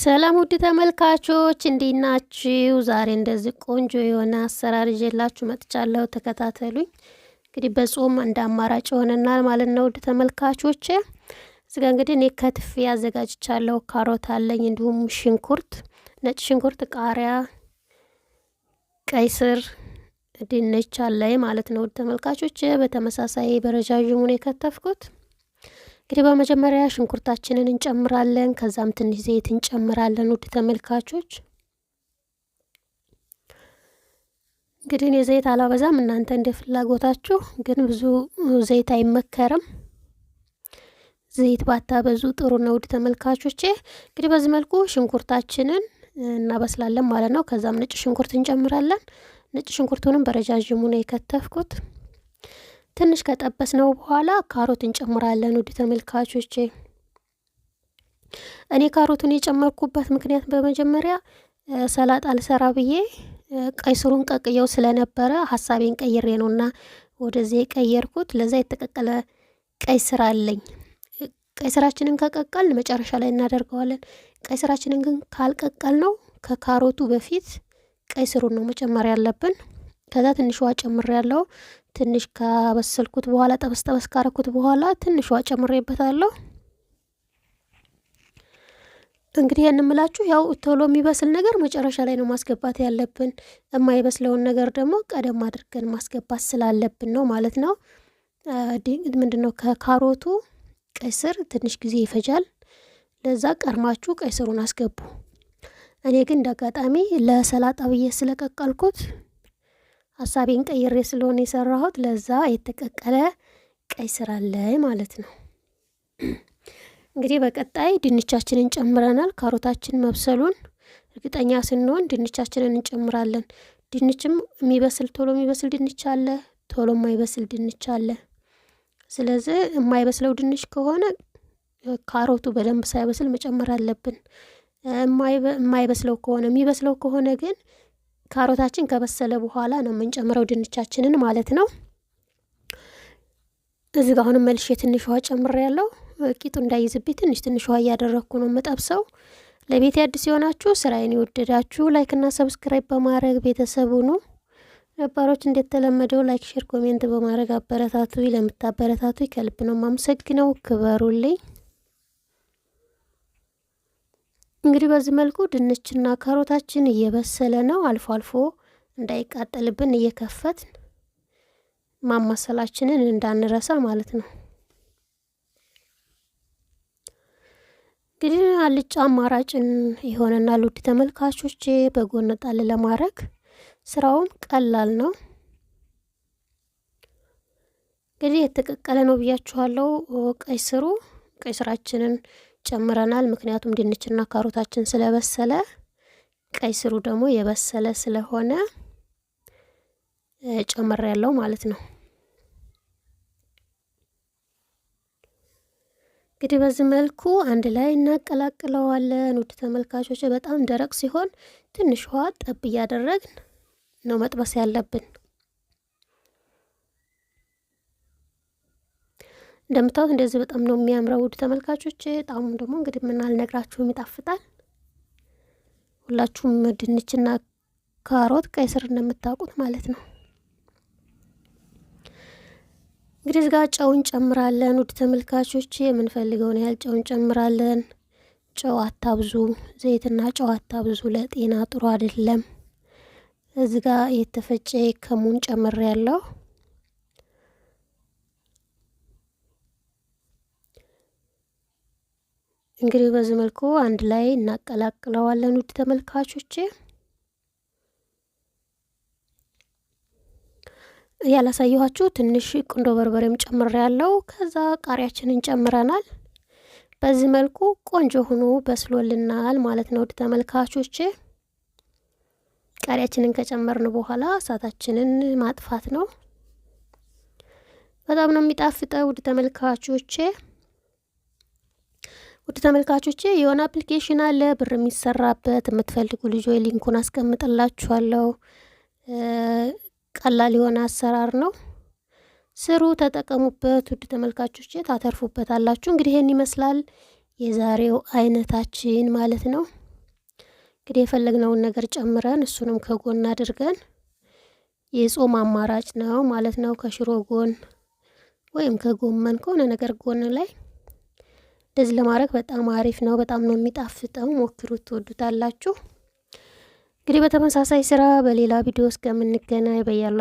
ሰላም ውድ ተመልካቾች እንዴት ናችሁ? ዛሬ እንደዚህ ቆንጆ የሆነ አሰራር ይዤላችሁ መጥቻለሁ። ተከታተሉኝ። እንግዲህ በጾም እንደ አማራጭ ይሆነናል ማለት ነው። ውድ ተመልካቾች እዚጋ እንግዲህ እኔ ከትፍ አዘጋጅቻለሁ። ካሮት አለኝ፣ እንዲሁም ሽንኩርት፣ ነጭ ሽንኩርት፣ ቃሪያ፣ ቀይ ስር፣ ድንች አለኝ ማለት ነው። ውድ ተመልካቾች በተመሳሳይ በረዣዥሙን የከተፍኩት። እንግዲህ በመጀመሪያ ሽንኩርታችንን እንጨምራለን። ከዛም ትንሽ ዘይት እንጨምራለን። ውድ ተመልካቾች እንግዲህ እኔ ዘይት አላበዛም፣ እናንተ እንደ ፍላጎታችሁ። ግን ብዙ ዘይት አይመከርም። ዘይት ባታበዙ ጥሩ ነው። ውድ ተመልካቾቼ እንግዲህ በዚህ መልኩ ሽንኩርታችንን እናበስላለን ማለት ነው። ከዛም ነጭ ሽንኩርት እንጨምራለን። ነጭ ሽንኩርቱንም በረጃዥሙ ነው የከተፍኩት። ትንሽ ከጠበስ ነው በኋላ ካሮት እንጨምራለን። ውድ ተመልካቾቼ እኔ ካሮቱን የጨመርኩበት ምክንያት በመጀመሪያ ሰላጣ አልሰራ ብዬ ቀይ ስሩን ቀቅየው ስለነበረ ሀሳቤን ቀይሬ ነውና ወደዚህ የቀየርኩት። ለዛ የተቀቀለ ቀይ ስራ አለኝ። ቀይ ስራችንን ከቀቀል መጨረሻ ላይ እናደርገዋለን። ቀይ ስራችንን ግን ካልቀቀል ነው ከካሮቱ በፊት ቀይ ስሩን ነው መጨመር ያለብን። ከዛ ትንሽ ውሃ ጨምሬ ያለው ትንሽ ከበሰልኩት በኋላ ጠበስ ጠበስ ካረኩት በኋላ ትንሽ ውሃ ጨምሬበታለሁ። እንግዲህ የንምላችሁ ያው ቶሎ የሚበስል ነገር መጨረሻ ላይ ነው ማስገባት ያለብን። የማይበስለውን ነገር ደግሞ ቀደም አድርገን ማስገባት ስላለብን ነው ማለት ነው። ምንድን ነው ከካሮቱ ቀይ ስር ትንሽ ጊዜ ይፈጃል። ለዛ ቀርማችሁ ቀይ ስሩን አስገቡ። እኔ ግን እንደ አጋጣሚ ለሰላጣ ብዬ ስለቀቀልኩት ሀሳቤን ቀይሬ ስለሆነ የሰራሁት ለዛ የተቀቀለ ቀይ ስር አለ ማለት ነው። እንግዲህ በቀጣይ ድንቻችንን ጨምረናል። ካሮታችን መብሰሉን እርግጠኛ ስንሆን ድንቻችንን እንጨምራለን። ድንችም የሚበስል ቶሎ የሚበስል ድንች አለ፣ ቶሎ የማይበስል ድንች አለ። ስለዚህ የማይበስለው ድንች ከሆነ ካሮቱ በደንብ ሳይበስል መጨመር አለብን። የማይበስለው ከሆነ የሚበስለው ከሆነ ግን ካሮታችን ከበሰለ በኋላ ነው የምንጨምረው ድንቻችንን ማለት ነው። እዚ ጋ አሁንም መልሼ ትንሽ ውሃ ያለው ቂጡ እንዳይዝብኝ ትንሽ ትንሽ ውሃ እያደረግኩ ነው የምጠብሰው። ለቤት አዲስ የሆናችሁ ስራዬን የወደዳችሁ ላይክና ሰብስክራይብ በማድረግ ቤተሰቡ ኑ። ነባሮች እንደተለመደው ላይክ፣ ሼር፣ ኮሜንት በማድረግ አበረታቱ። ለምታበረታቱ ከልብ ነው ማመሰግነው። ክበሩልኝ። እንግዲህ በዚህ መልኩ ድንችና ካሮታችን እየበሰለ ነው። አልፎ አልፎ እንዳይቃጠልብን እየከፈትን ማማሰላችንን እንዳንረሳ ማለት ነው። እንግዲህ አልጫ አማራጭን የሆነና ውድ ተመልካቾች በጎን ጣል ለማድረግ ስራውም ቀላል ነው። እንግዲህ የተቀቀለ ነው ብያችኋለሁ። ቀይ ስሩ ቀይ ስራችንን ጨምረናል። ምክንያቱም ድንችና ካሮታችን ስለበሰለ ቀይ ስሩ ደግሞ የበሰለ ስለሆነ ጨመር ያለው ማለት ነው። እንግዲህ በዚህ መልኩ አንድ ላይ እናቀላቅለዋለን። ውድ ተመልካቾች በጣም ደረቅ ሲሆን ትንሽ ውሃ ጠብ እያደረግን ነው መጥበስ ያለብን። እንደምታዩት እንደዚህ በጣም ነው የሚያምረው። ውድ ተመልካቾች ጣዕሙም ደግሞ እንግዲህ ምን አልነግራችሁም ይጣፍጣል። ሁላችሁም ድንችና ካሮት ቀይ ስር እንደምታውቁት ማለት ነው። እንግዲህ እዚጋ ጨውን ጨምራለን። ውድ ተመልካቾች የምንፈልገውን ያህል ጨውን ጨምራለን። ጨው አታብዙ፣ ዘይትና ጨው አታብዙ፣ ለጤና ጥሩ አይደለም። እዚጋ የተፈጨ ከሙን ጨምር ያለው እንግዲህ በዚህ መልኩ አንድ ላይ እናቀላቅለዋለን። ውድ ተመልካቾች ያላሳየኋችሁ ትንሽ ቁንዶ በርበሬም ጨምር ያለው ከዛ ቃሪያችንን ጨምረናል። በዚህ መልኩ ቆንጆ ሆኖ በስሎልናል ማለት ነው። ውድ ተመልካቾች ቃሪያችንን ከጨመርን በኋላ እሳታችንን ማጥፋት ነው። በጣም ነው የሚጣፍጠው ውድ ተመልካቾቼ። ውድ ተመልካቾች የሆነ አፕሊኬሽን አለ ብር የሚሰራበት የምትፈልጉ ልጆ ሊንኩን አስቀምጥላችኋለሁ። ቀላል የሆነ አሰራር ነው። ስሩ፣ ተጠቀሙበት። ውድ ተመልካቾች ታተርፉበታላችሁ። እንግዲህ ይህን ይመስላል የዛሬው አይነታችን ማለት ነው። እንግዲህ የፈለግነውን ነገር ጨምረን እሱንም ከጎን አድርገን የጾም አማራጭ ነው ማለት ነው። ከሽሮ ጎን ወይም ከጎመን ከሆነ ነገር ጎን ላይ እንደዚህ ለማድረግ በጣም አሪፍ ነው። በጣም ነው የሚጣፍጠው። ሞክሩት፣ ትወዱታላችሁ። እንግዲህ በተመሳሳይ ስራ በሌላ ቪዲዮ እስከምንገናኝ በያላ